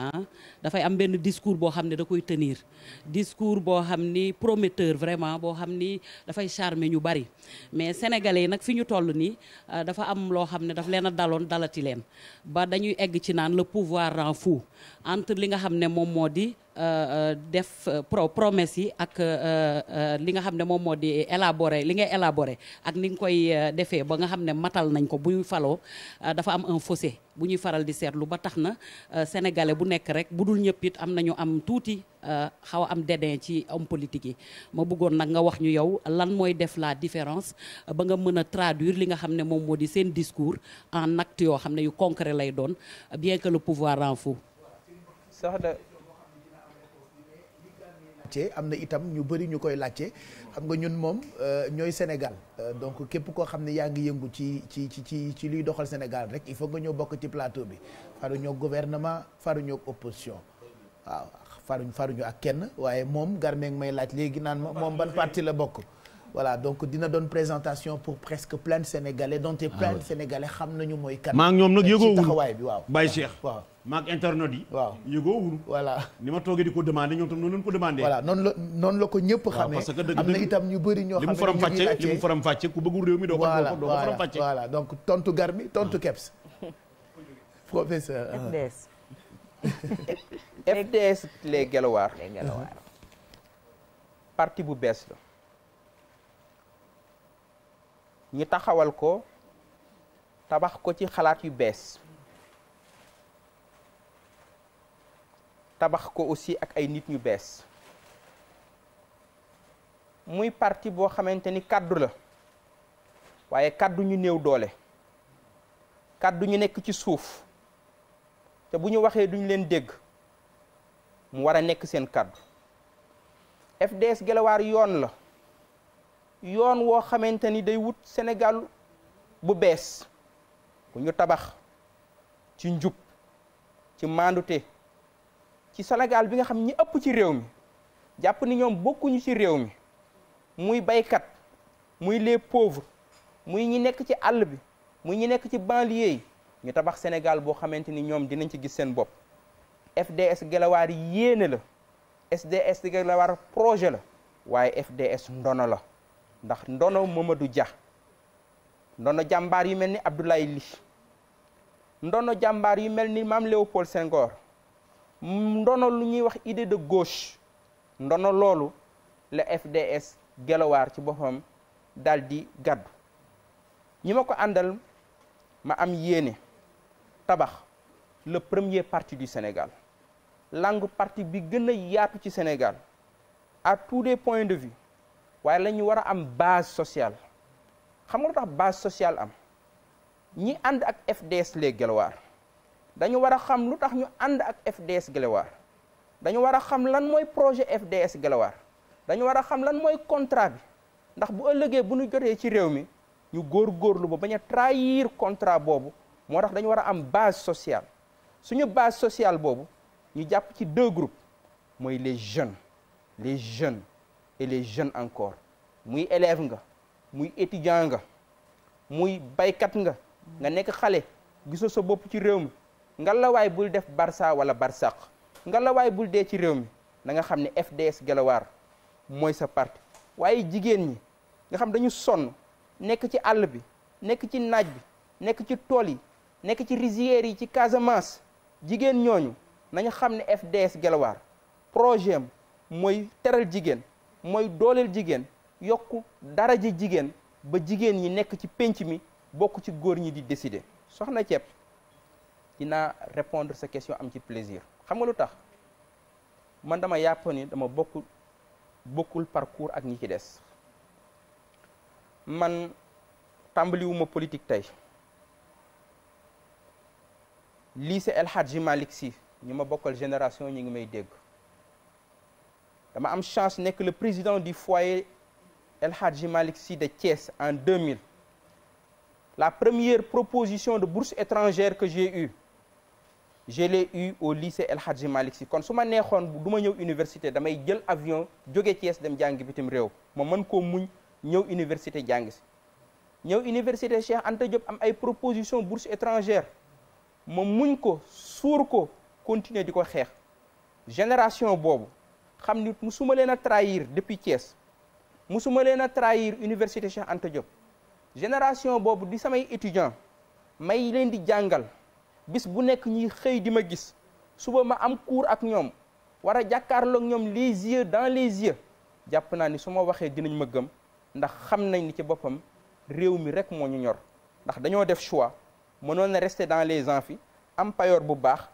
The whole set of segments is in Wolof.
ah dafay am benn discours boo xam ne da koy tenir discours boo xam ni prometteur vraiment boo xam ni dafay charmer ñu bari mais sénégalais yi nag fi ñu toll nii euh, dafa am loo xam ne daf leen a daloon dalati leen ba dañuy egg ci naan le pouvoir rend fou entre li nga xam ne moom moo di. Euh, euh, def euh, pro promesse yi ak li nga xam ne moom moo di élaborer li ngay élaborer ak ni nga koy defee ba nga xam ne matal nañ ko bu ñu faloo dafa am un fossé bu ñuy faral di seetlu ba tax na sénégalais bu nekk rek bu dul ñëpp it am nañu am tuuti xaw am dédain ci homme politique yi ma bëggoon nag nga wax ñu yow lan mooy def la différence ba nga mën a traduire li nga xam ne moom moo di seen discours en acte yoo xam ne yu concret lay doon bien que le pouvoir rend fou laajte am na itam ñu bëri ñu koy laajte xam nga ñun moom euh, ñooy Sénégal euh, donc képp koo xam ne yaa ngi yëngu ci ci ci ci ci luy doxal Sénégal rek il faut nga ñëw bokk ci plateau bi faruñoo gouvernement faruñoo opposition waaw faruñ ñu ak kenn waaye moom Garmeek may laaj léegi naan ma moom ban parti la bokk. voilà donc dina doon présentation pour presque plein de Sénégalais donte ah plein de Sénégalais xam nañu mooy. kan maa ngi ñoom nag yëgoowul ci bi waaw. Baye Cheikh waaw. maag internet yi. waaw yëgoowul. voilà ni ma toogee di ko demandé ñoo tam noonu la ko demandé. voilà noonu la ko ñëpp xamee. parce que am na itam ñu bëri ñoo. xam ne ñu faram fàcce ku bëggul réew mi doo ko doo ko faram fàcce. voilà donc tontu garmi mi tontu ah. keps. professeur. Ah. FDS. FDS les Guelwaar. les parti bu bees la. ñu taxawal ko tabax ko ci xalaat yu bees. tabax ko aussi ak ay nit ñu bees muy parti boo xamante ni kàddu la waaye kàddu ñu néew doole kàddu ñu nekk ci suuf te bu ñu waxee duñu leen dégg mu war a nekk seen kàddu FDS gelawaar yoon la yoon woo xamante ni day wut senegal bu bees bu ñu tabax ci njub ci maandute ci Sénégal bi nga xam ñi ëpp ci réew mi jàpp ni ñoom bokkuñu ci réew mi muy baykat muy les pauvres muy ñi nekk ci àll bi muy ñi nekk ci banlieue yi ñu tabax Sénégal boo xamante ni ñoom dinañ ci gis seen bopp FDS Guelwaar yéene la SDS Guelwaar projet la waaye FDS ndono la ndax ndono Mamadou Dia ndono jàmbaar yu mel ni Abdoulaye Ly ndono jàmbaar yu mel ni Maam Léopold sengoor ndono lu ñuy wax idée de gauche ndono loolu la FDS gelawaar ci boppam daal di gàddu ñi ma ko àndal ma am yéene tabax le premier parti du Sénégal langue parti bi gën a yaatu ci Sénégal a tous les points de vie waaye la ñu war a am base sociale xam nga tax base sociale am ñi ànd ak FDS les gelawaar dañu war a xam lu tax ñu ànd ak FDS Guelwaar dañu war a xam lan mooy projet FDS Guelwaar dañu war a xam lan mooy contrat bi ndax bu ëllëgee bu nu jotee ci réew mi ñu góor góorgóorlu ba bañ a trahir contrat boobu moo tax dañu war a am base sociale suñu base sociale boobu ñu jàpp ci deux groupes mooy les jeunes les jeunes et les jeunes encore muy élève nga muy étudiant nga muy baykat nga nga nekk xale gisoo sa bopp ci réew mi ngalawaay bul def Barça wala Barsaq ngalawaay bul dee ci réew mi na nga xam ne FDS Gelawaar mooy sa parti waaye jigéen ñi nga xam dañu sonn nekk ci àll bi nekk ci naaj bi nekk ci tool yi nekk ci rizières yi ci Casamance jigéen ñooñu nañu xam ne FDS Gelawaar projet mooy teral jigéen mooy dooleel jigéen yokk dara ji jigéen ba jigéen ñi nekk ci pénc mi bokk ci góor ñi di décider soxna ceeb dinaa répondre sa question am ci plaisir xam nga lu tax man dama yàpp ni dama bokk bokkul parcours ak ñi ci des man tàmbaliwuma politique tey lycée El Hadji Malick si ñu ma bokkal génération ñu ngi may dégg dama am chance nekk le président du foyer El Hadji Malick Sy de Thiès en 2000 la première proposition de bourse étrangère que j'ai eue je l'ai au lycée El Hadji Malick Sy kon su ma neexoon du ñëw université damay jël avion joge Thiès dem jàngi bitim réew ma man koo muñ ñëw université jàng si ñëw université Cheikh Anta Diop am ay proposition bourse étrangère ma muñ ko suur ko continuer di ko xeex génération boobu xam ni musuma leen a trahir depuis Thiès musuma leen a trahir université Cheikh Anta Diop génération boobu di samay étudiant may leen di jàngal bis bu nekk ñuy xëy di ma gis suba ma am cours ak ñoom war a jàkkaarloog ñoom les yeux dans les yeux jàpp naa ni su ma waxee dinañ ma gëm ndax xam nañ ni ci boppam réew mi rek moo ñu ñor ndax dañoo def choix mënoon na rester dans les amphis am payoor bu baax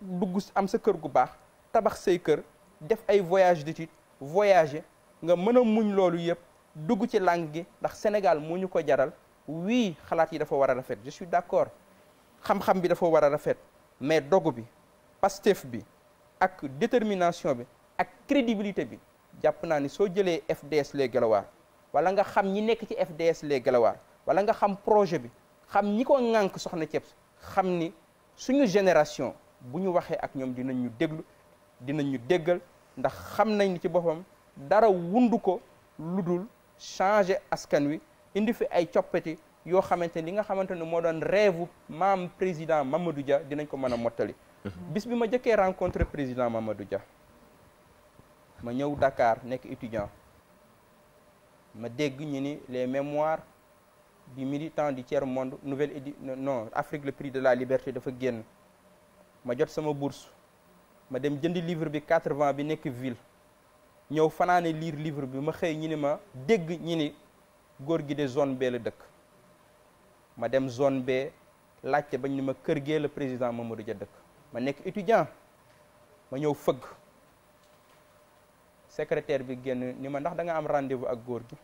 dugg am sa kër gu baax tabax say kër def ay voyage d'études voyage nga mën a muñ loolu yëpp dugg ci langue gi ndax Sénégal moo ñu ko jaral wii xalaat yi dafa war a rafet je suis d'accord xam-xam bi dafa war a rafet mais dogu bi pastef bi ak détermination bi ak crédibilité bi jàpp naa ni soo jëlee FDS les Guelwaar wala nga xam ñi nekk ci FDS les Guelwaar wala nga xam projet bi xam ñi ko ŋànk soxna ceeb Thiébs xam ni suñu génération bu ñu waxee ak ñoom dinañ ñu déglu dinañ ñu déggal ndax xam nañ ni ci boppam dara wundu ko lu dul changer askan wi indi fi ay coppati yoo xamante li nga xamante ne moo doon rêve maam président Mamadou Dia dinañ ko mën a mottali mhm. bis bi ma jëkkee rencontré président Mamadou Dia ma ñëw dakaar nekk étudiant ma dégg ñu ni les mémoires du militant du tiers monde nouvelle édi non Afrique le prix de la liberté dafa génn ma jot sama bourse ma dem jënd livre bi quatre-vingts bi nekk ville ñëw fanaane liir livre bi ma xëy ñi ni ma dégg ñi ni góor gi de zone bee la dëkk ma dem zone be laajte bañ ni ma kër gee la président ma Mamadou Dia dëkk ma nekk étudiant ma ñëw fëgg secrétaire bi génn ni ma ndax da am rendez-vous ak góor gi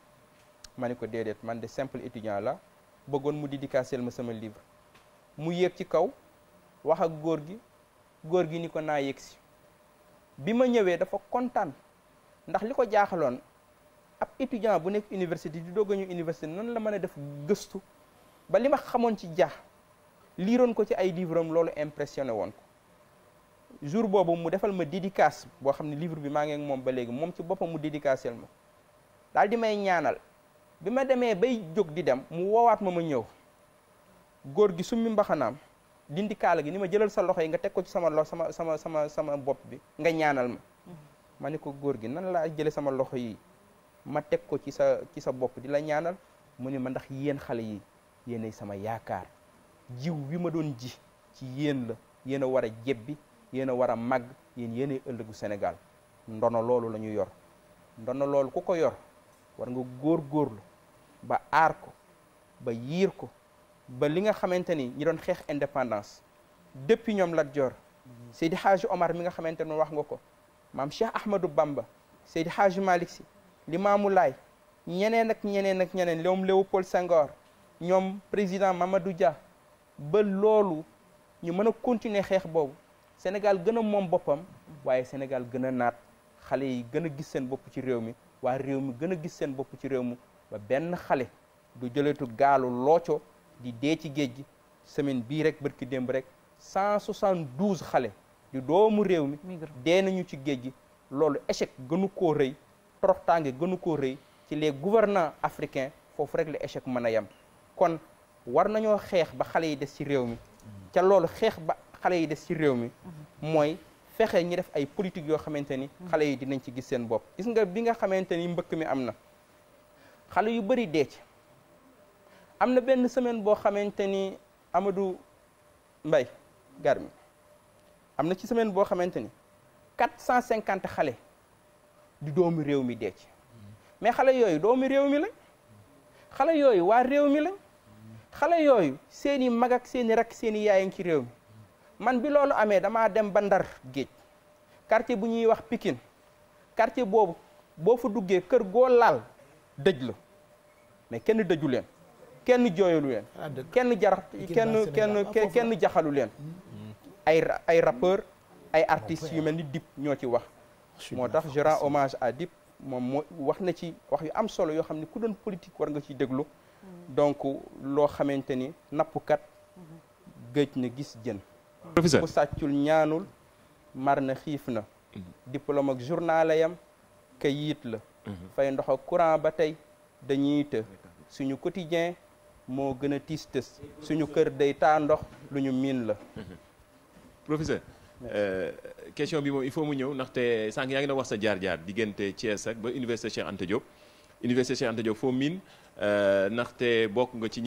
ma ne ko déedéet man de simple étudiant la bëggoon mu dédicacel ma sama livre mu yéeg ci kaw wax ak góor gi góor gi ni ko naa yéeg si bi ma ñëwee dafa kontaan ndax li ko jaaxaloon ab étudiant bu nekk université di dogg ñu université noonu la mën a def gëstu ba li ma xamoon ci jaax liiroon ko ci ay livre am loolu impressionné woon ko jour boobu mu defal ma dédicace boo xam ne livre bi maa ngi moom ba léegi moom ci boppam mu dédicacel ma daal di may ñaanal bi ma demee bay jóg di dem mu woowaat ma ma ñëw góor gi summi mbaxanaam dindi kaala gi ni ma jëlal sa loxo yi nga teg ko ci sama lo sama sama sama sama bopp bi nga ñaanal ma mm-hmm. ma ne ko góor gi nan laa jële sama loxo yi ma teg ko ci sa ci sa bopp di la ñaanal mu ma ndax yéen xale yi yéenay sama yaakaar jiw wi ma doon ji ci yéen la yéen a war a jebbi yéen a war a màgg yéen yéenay ëllëgu Sénégal ndono loolu la ñu yor ndono loolu ku ko yor war nga góor la ba aar ko ba yiir ko ba li nga xamante ni ñi doon xeex indépendance depuis ñoom Lat Joor Seydi Hadji Omar mi nga xamante ne wax nga ko maam Cheikh Ahmadou Bamba Seydi Hadji Malick Sy maamu Laay ñeneen nag ñeneen ak ñeneen Léopold Senghor ñoom président Mamadou Dia ba loolu ñu mën a continuer xeex boobu Sénégal gën a moom boppam waaye Sénégal gën a naat xale yi gën a gis seen bopp ci réew mi waaye réew mi gën a gis seen bopp ci réew mi ba benn xale du jëleetu gaalu looco di dee ci géej gi semaine bii rek bërki démb rek 172 xale di doomu réew mi dee nañu ci géej gi loolu échec gënu koo rëy toroxtaange gënu koo rëy ci les gouvernants africain foofu rek la échec mën a yem kon war nañoo xeex ba xale yi des ci réew mi ca loolu xeex ba xale yi des ci réew mi mooy fexe ñi def ay politique yoo xamante ni xale yi dinañ ci gis seen bopp gis nga bi nga xamante ni mbëkk mi am na xale yu bëri dee ci am na benn semaine boo xamante ni Amadou Mbaye gar am na ci semaine boo xamante ni quatre cent cinquante xale di doomu réew mi dee ci mais xale yooyu doomu réew mi la xale yooyu waa réew mi la xale yooyu seen i mag ak seen i rakk seen i ci réew mi man bi loolu amee damaa dem ba Ndar géej quartier bu ñuy wax pikin quartier boobu boo fa duggee kër goo laal dëj la mais kenn dëju leen kenn jooyalu leen ah, kenn jarax kenn ah, kenn jaxalu leen hmm. ay ay rappeur ay ah, artistes yu mel ni Dip ñoo ci wax moo tax je rends hommage à Dip moom moo wax na ci wax yu am solo yoo xam ne ku doon politique war nga ciy déglu donc loo xamante ni nappkat gëj na gis jën professeur bu sàccul ñaanul mar na xiif na mhm. diplôme ak journal yam kayit la mhm. fay ndox ak courant ba tey dañuy të suñu quotidien moo gën a tiis tës suñu kër day taa ndox lu ñu miin la mhm. professeur euh, question bi moom il faut mu ñëw ndaxte sànq yaa ngi doon wax sa jaar-jaar diggante Thiès ak ba université Cheikh Anta Diop université Cheikh Anta Diop foo miin Euh, ndaxte bokk nga ci.